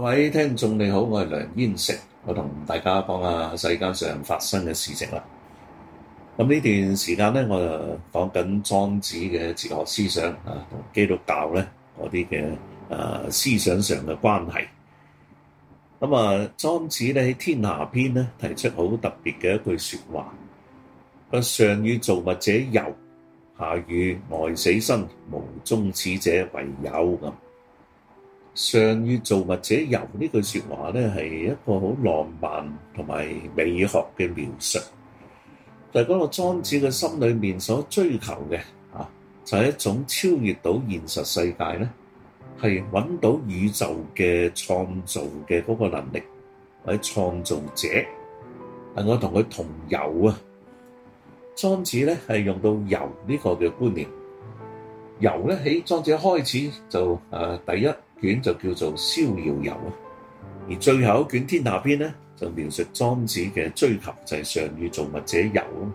各位聽眾你好，我係梁煙成，我同大家講下世界上發生嘅事情啦。咁呢段時間咧，我就講緊莊子嘅哲學思想啊，同基督教咧嗰啲嘅誒思想上嘅關係。咁啊，莊子咧喺《在天下篇》咧提出好特別嘅一句說話：上與造物者遊，下與外死生無終始者為友咁。上與造物者遊呢句説話咧，係一個好浪漫同埋美學嘅描述。但係嗰個莊子嘅心裏面所追求嘅啊，就係一種超越到現實世界咧，係揾到宇宙嘅創造嘅嗰個能力或者創造者，令我同佢同遊啊！莊子咧係用到遊呢個嘅觀念，遊咧喺莊子開始就啊第一。卷就叫做逍遙遊啊，而最後一卷《天下篇》咧，就描述莊子嘅追求就係上與造物者遊咯。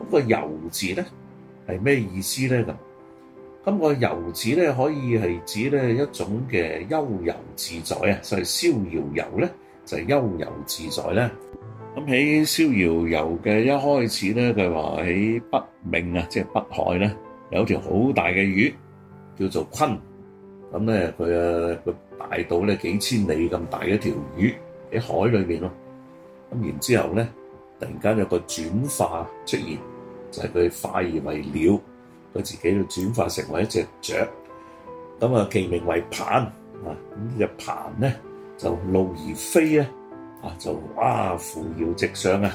咁個遊字咧係咩意思咧咁？咁個遊字咧可以係指咧一種嘅悠遊自在啊，就係《逍遙遊》咧就係悠遊自在咧。咁喺《逍遙遊》嘅一開始咧，佢話喺北冥啊，即係北海咧，有條好大嘅魚叫做鯤。咁咧，佢啊，佢大到咧幾千里咁大一條魚喺海裏面咯。咁然之後咧，突然間有個轉化出現，就係、是、佢化而為鳥，佢自己就轉化成為一隻雀。咁啊，其名為鵬啊。咁、那個、呢隻鵬咧，就怒而飛咧，啊就哇扶搖直上啊，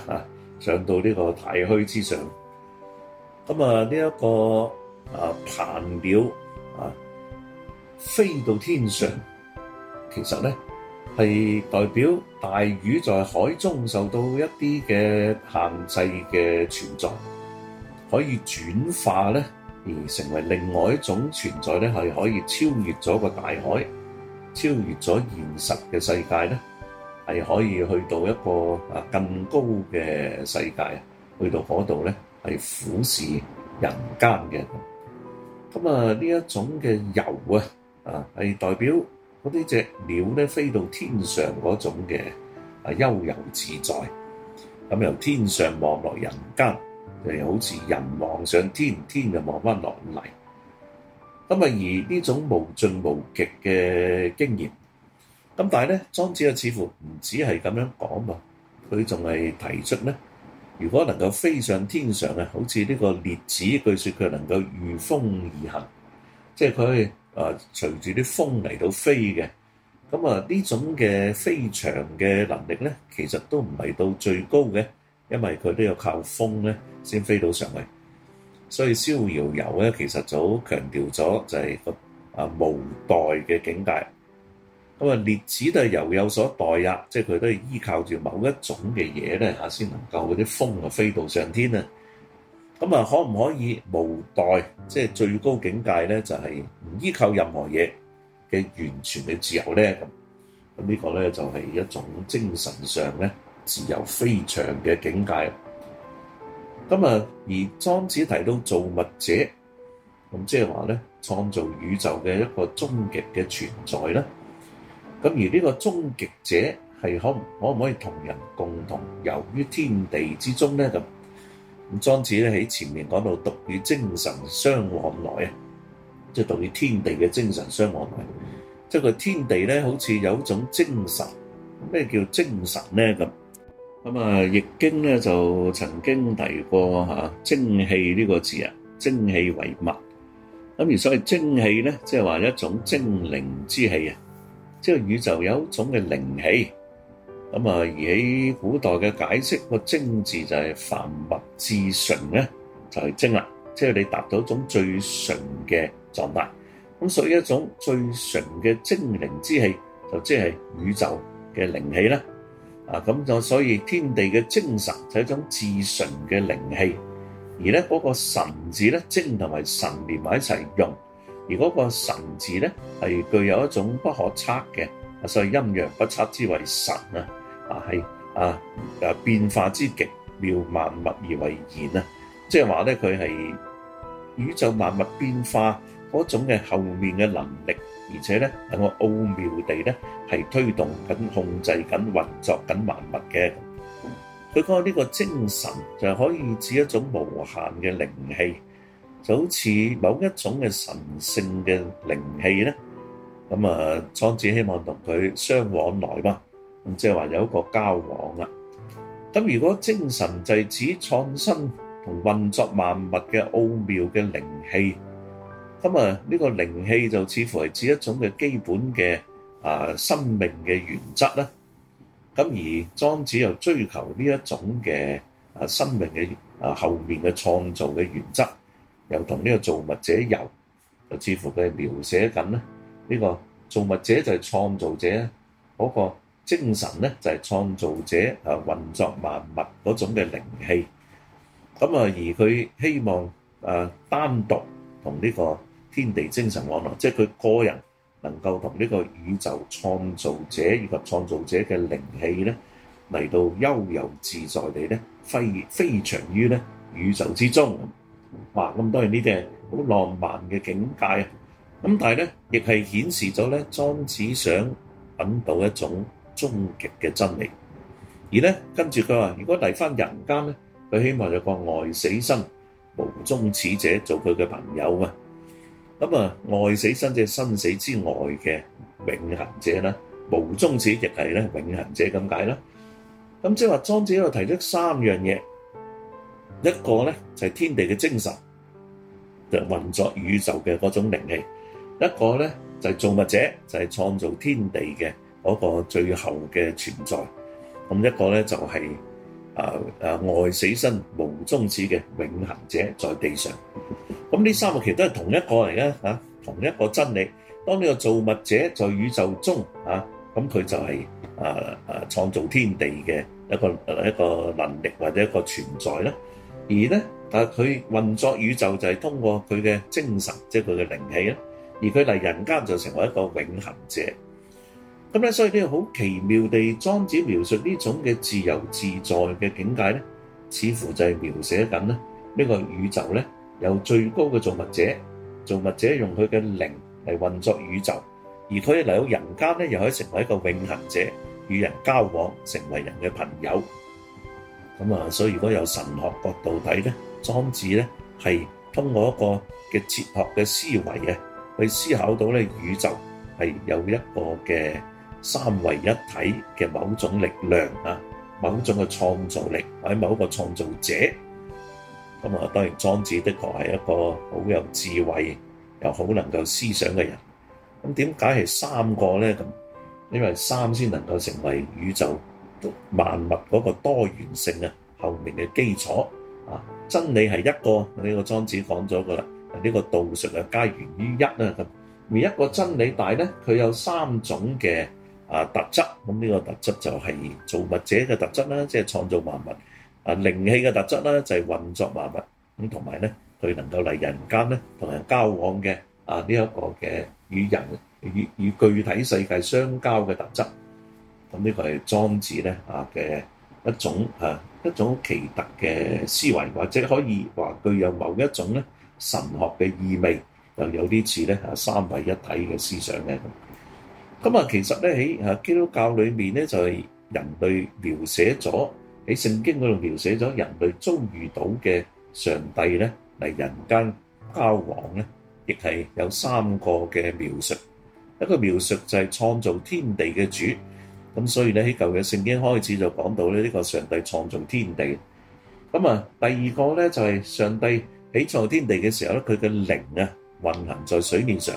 上到呢個太虛之上。咁、那個、啊，呢一個啊鵬鳥啊。飛到天上，其實咧係代表大魚在海中受到一啲嘅限制嘅存在，可以轉化咧而成為另外一種存在咧，係可以超越咗個大海，超越咗現實嘅世界咧，係可以去到一個啊更高嘅世界，去到嗰度咧係俯視人間嘅。咁啊，呢一種嘅遊啊～啊，係代表嗰啲隻鳥咧飛到天上嗰種嘅啊悠遊自在，咁由天上望落人間，就好似人望上天，天就望翻落嚟。咁啊，而呢種無盡無極嘅經驗，咁但係咧莊子啊，似乎唔止係咁樣講嘛，佢仲係提出咧，如果能夠飛上天上啊，好似呢個列子，據說佢能夠御風而行，即係佢。啊，隨住啲風嚟到飛嘅，咁啊呢種嘅飛翔嘅能力咧，其實都唔係到最高嘅，因為佢都要靠風咧先飛到上去。所以逍遙遊咧，其實就好強調咗就係個啊無待嘅境界。咁啊列子都係由有所待啊，即係佢都要依靠住某一種嘅嘢咧嚇，先、啊、能夠嗰啲風啊飛到上天啊。咁啊，可唔可以無待即係最高境界咧？就係、是、唔依靠任何嘢嘅完全嘅自由咧。咁咁呢個咧就係、是、一種精神上咧自由非常嘅境界。咁啊，而莊子提到造物者，咁即係話咧創造宇宙嘅一個終極嘅存在呢。咁而呢個終極者係可唔可唔可以同人共同遊於天地之中咧？咁莊子咧喺前面講到，獨與精神相往來啊，即係獨與天地嘅精神相往來。即係個天地咧，好似有一種精神。咩叫精神咧？咁咁啊，《易經》咧就曾經提過嚇，精氣呢個字啊，精氣為物。咁而所謂精氣咧，即係話一種精靈之氣啊，即係宇宙有一種嘅靈氣。咁啊，而喺古代嘅解釋，個精字就係凡物至純咧，就係精啦，即係你達到一種最純嘅狀態。咁屬於一種最純嘅精靈之氣，就即係宇宙嘅靈氣啦。啊，咁就所以天地嘅精神就係一種至純嘅靈氣。而咧嗰個神字咧，精同埋神連埋一齊用，而嗰個神字咧係具有一種不可測嘅，所以陰陽不測之為神啊。係啊，誒，變化之極妙萬物而為然啊，即係話咧，佢係宇宙萬物變化嗰種嘅後面嘅能力，而且咧係個奧妙地咧係推動緊、控制緊、運作緊萬物嘅。佢講呢個精神就係可以指一種無限嘅靈氣，就好似某一種嘅神聖嘅靈氣咧。咁啊，莊子希望同佢相往來嘛。咁即係話有一個交往啦。咁如果精神就係指創新同運作萬物嘅奧妙嘅靈氣，咁啊呢個靈氣就似乎係指一種嘅基本嘅啊生命嘅原則啦。咁而莊子又追求呢一種嘅啊生命嘅啊後面嘅創造嘅原則，又同呢個造物者遊就似乎佢係描寫緊咧呢個造物者就係創造者嗰個。精神咧就係創造者啊，運作萬物嗰種嘅靈氣。咁啊，而佢希望啊，單獨同呢個天地精神往來，即係佢個人能夠同呢個宇宙創造者以及創造者嘅靈氣咧，嚟到悠遊自在地咧，飛飛翔於咧宇宙之中。哇，咁當然呢啲係好浪漫嘅境界啊。咁但係咧，亦係顯示咗咧，莊子想揾到一種終極嘅真理，而咧跟住佢話：如果嚟返人間咧，佢希望有個外死生、無終始者做佢嘅朋友啊！咁啊，外死生即係生死之外嘅永恆者啦，無終始亦係咧永恆者咁解啦。咁即係話，莊子喺度提出三樣嘢，一個咧就係天地嘅精神，就運作宇宙嘅嗰種靈氣；一個咧就係造物者，就係創造天地嘅。嗰、那個最後嘅存在，咁一個咧就係啊啊外死身無終止嘅永恆者在地上，咁呢三個其實都係同一個嚟嘅嚇，同一個真理。當呢個造物者在宇宙中嚇，咁、啊、佢、啊、就係、是、啊啊創造天地嘅一個一個能力或者一個存在咧、啊。而咧啊佢運作宇宙就係通過佢嘅精神，即係佢嘅靈氣咧、啊。而佢嚟人間就成為一個永恆者。咁咧，所以咧，好奇妙地，莊子描述呢種嘅自由自在嘅境界咧，似乎就係描寫緊咧呢個宇宙咧，由最高嘅造物者，造物者用佢嘅靈嚟運作宇宙，而佢嚟到人間咧，又可以成為一個永恆者，與人交往，成為人嘅朋友。咁啊，所以如果有神學角度睇咧，莊子咧係通過一個嘅哲學嘅思維啊，去思考到咧宇宙係有一個嘅。三位一體嘅某種力量啊，某種嘅創造力或者某一個創造者咁啊。當然莊子的確係一個好有智慧又好能夠思想嘅人。咁點解係三個咧？咁因為三先能夠成為宇宙萬物嗰個多元性啊，後面嘅基礎啊。真理係一個，呢個莊子講咗噶啦，呢個道術嘅皆源於一啊。咁而一個真理大咧，佢有三種嘅。啊！特質咁呢個特質就係造物者嘅特質啦，即係創造萬物啊靈氣嘅特質啦，就係運作萬物咁同埋咧，佢能夠嚟人間咧，同人交往嘅啊呢一個嘅與人與與具體世界相交嘅特質，咁呢個係莊子咧啊嘅一種啊一種奇特嘅思維，或者可以話具有某一種咧神學嘅意味，又有啲似咧啊三位一體嘅思想咧咁。咁啊，其實咧喺啊基督教裏面咧，就係人類描寫咗喺聖經嗰度描寫咗人類遭遇到嘅上帝咧，嚟人間交往咧，亦係有三個嘅描述。一個描述就係創造天地嘅主，咁所以咧喺舊嘅聖經開始就講到咧呢個上帝創造天地。咁啊，第二個咧就係上帝起創天地嘅時候咧，佢嘅靈啊運行在水面上。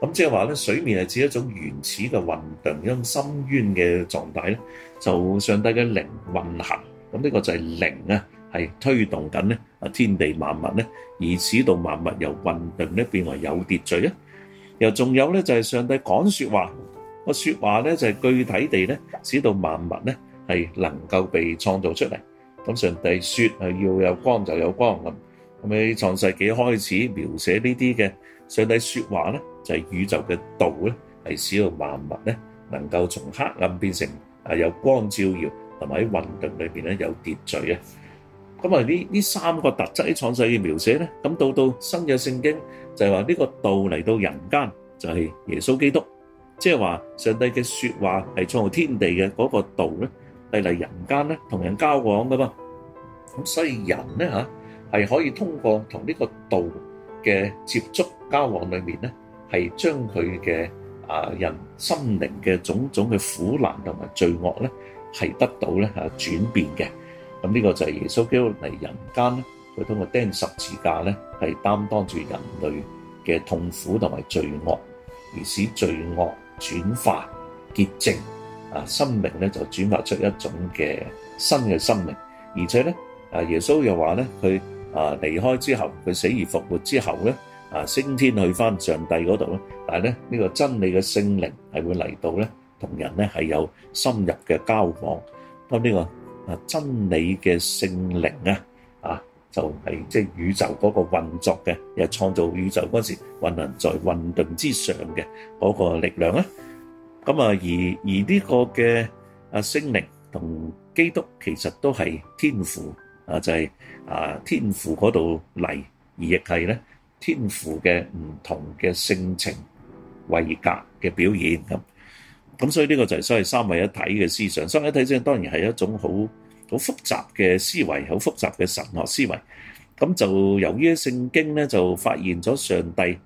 咁即係話咧，水面係指一種原始嘅混沌，一種深淵嘅狀態咧，就上帝嘅靈運行。咁呢個就係靈啊，係推動緊咧啊天地萬物咧，而使到萬物由混沌咧變為有秩序啊。又仲有咧，就係上帝講説話，個説話咧就係具體地咧，使到萬物咧係能夠被創造出嚟。咁上帝説係，要有光就有光咁。咁喺創世紀開始描寫呢啲嘅上帝説話咧，就係宇宙嘅道咧，係使到萬物咧能夠從黑暗變成啊有光照耀，同埋喺混沌裏邊咧有秩序啊。咁啊，呢呢三個特質喺創世紀描寫咧，咁到到新約聖經就係話呢個道嚟到人間就係耶穌基督，即係話上帝嘅説話係創造天地嘅嗰個道咧係嚟人間咧同人交往噶嘛。咁所以人咧嚇。係可以通過同呢個道嘅接觸交往裏面咧，係將佢嘅啊人心靈嘅種種嘅苦難同埋罪惡咧，係得到咧嚇轉變嘅。咁呢個就係耶穌基督嚟人間咧，佢通過釘十字架咧，係擔當住人類嘅痛苦同埋罪惡，而使罪惡轉化潔淨，啊，生命咧就轉化出一種嘅新嘅生命，而且咧啊耶穌又話咧佢。啊！離開之後，佢死而復活之後咧，啊升天去返上帝嗰度咧。但係咧，呢個真理嘅聖靈係會嚟到咧，同人咧係有深入嘅交往。咁呢個啊真理嘅聖靈啊，啊就係即係宇宙嗰個運作嘅，又創造宇宙嗰時運行在運動之上嘅嗰個力量咧。咁啊，而而呢個嘅啊聖靈同基督其實都係天父。啊，就係啊，天父嗰度嚟，而亦係咧天父嘅唔同嘅性情、性格嘅表現咁。咁所以呢個就係所謂三位一體嘅思想。三位一體即係當然係一種好好複雜嘅思維，好複雜嘅神學思維。咁就由於聖經咧，就發現咗上帝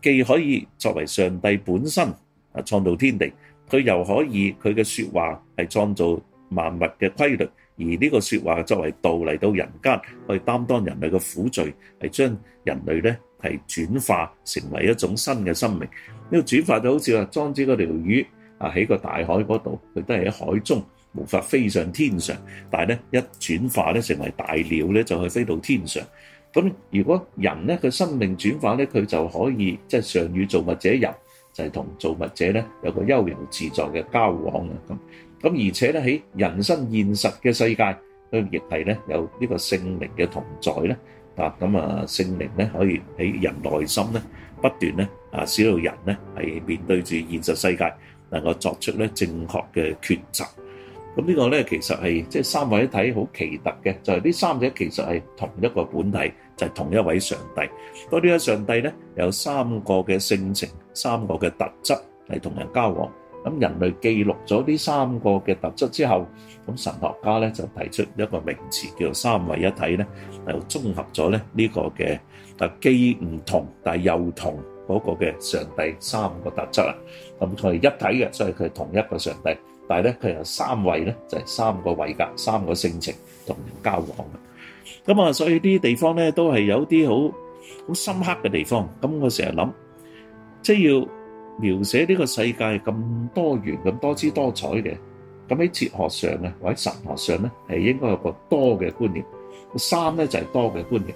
既可以作為上帝本身啊創造天地，佢又可以佢嘅説話係創造萬物嘅規律，而呢個説話作為道嚟到人間，去擔當人類嘅苦罪，係將人類咧係轉化成為一種新嘅生命。呢、這個轉化就好似話莊子嗰條魚啊，喺個大海嗰度，佢都係喺海中，無法飛上天上。但係咧一轉化咧成為大鳥咧，就去飛到天上。咁如果人咧佢生命轉化咧，佢就可以即係、就是、上與造物者人，就係、是、同造物者咧有個悠遊自在嘅交往啊咁。咁而且咧喺人生現實嘅世界，佢亦係咧有呢個聖靈嘅同在咧，啊咁啊聖靈咧可以喺人內心咧不斷咧啊使到人咧係面對住現實世界，能夠作出咧正確嘅抉擇。咁呢個咧其實係即係三位一體好奇特嘅，就係呢三者其實係同一個本體，就係同一位上帝。咁呢位上帝咧有三個嘅性情，三個嘅特質係同人交往。咁人類記錄咗呢三個嘅特質之後，咁神學家咧就提出一個名詞，叫做三位一體咧，就綜合咗咧呢個嘅既唔同，但係又同嗰個嘅上帝三個特質啊。咁佢係一體嘅，所以佢係同一個上帝，但係咧佢有三位咧，就係三個位格、三個性情同人交往。咁啊，所以啲地方咧都係有啲好好深刻嘅地方。咁我成日諗，即係要。描寫呢個世界咁多元咁多姿多彩嘅，咁喺哲學上啊，或者喺神學上咧，係應該有個多嘅觀念。三咧就係多嘅觀念。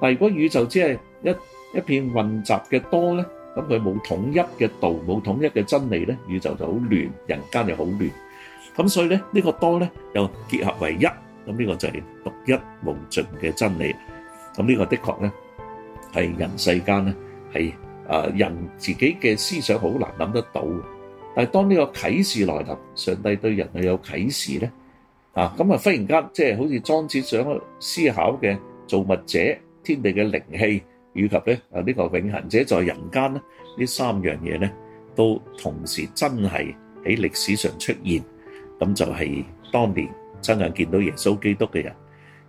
但係如果宇宙只係一一片混雜嘅多咧，咁佢冇統一嘅道，冇統一嘅真理咧，宇宙就好亂，人間又好亂。咁所以咧呢個多咧又結合為一，咁呢個就係獨一無盡嘅真理。咁呢個的確咧係人世間咧係。啊！人自己嘅思想好難諗得到，但係當呢個啟示來臨，上帝對人係有啟示咧。啊，咁啊忽然間即係好似莊子想思考嘅造物者、天地嘅靈氣以及咧啊呢個永恆者在人間咧呢三樣嘢咧，都同時真係喺歷史上出現，咁就係當年親眼見到耶穌基督嘅人。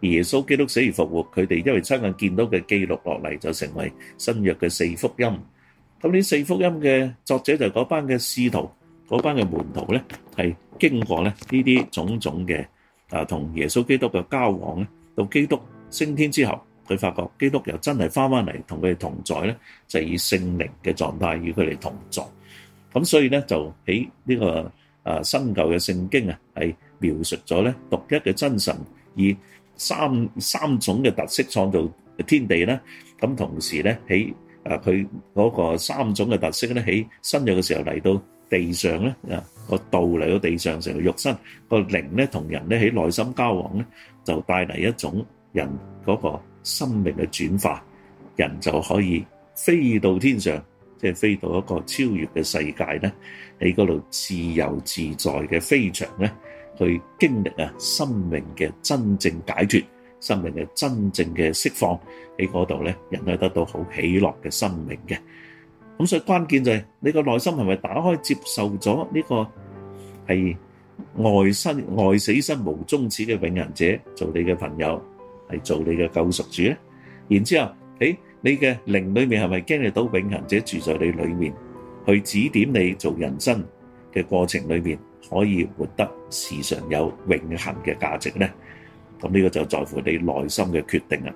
而耶穌基督死而復活，佢哋因為親眼見到嘅記錄落嚟，就成為新約嘅四福音。咁呢四福音嘅作者就嗰班嘅使徒，嗰班嘅門徒咧，係經過咧呢啲種種嘅啊，同耶穌基督嘅交往咧，到基督升天之後，佢發覺基督又真係返返嚟同佢哋同在咧，就以聖靈嘅狀態與佢哋同在。咁所以咧就喺呢個啊新舊嘅聖經啊，係描述咗咧獨一嘅真神以。三三種嘅特色創造天地咧，咁同時咧，喺啊佢嗰個三種嘅特色咧，喺新約嘅時候嚟到地上咧啊，個道嚟到地上成個肉身個靈咧，同人咧喺內心交往咧，就帶嚟一種人嗰個生命嘅轉化，人就可以飛到天上，即係飛到一個超越嘅世界咧，喺嗰度自由自在嘅飛翔咧。去經歷啊，生命嘅真正解脫，生命嘅真正嘅釋放喺嗰度咧，人都得到好喜樂嘅生命嘅。咁所以關鍵就係你個內心係咪打開接受咗呢個係外生外死身無終止嘅永恆者做你嘅朋友，係做你嘅救贖主咧？然之後，誒你嘅靈裏面係咪經歷到永恆者住在你裏面，去指點你做人生嘅過程裏面？可以活得時常有永恆嘅價值呢？咁呢個就在乎你內心嘅決定啊！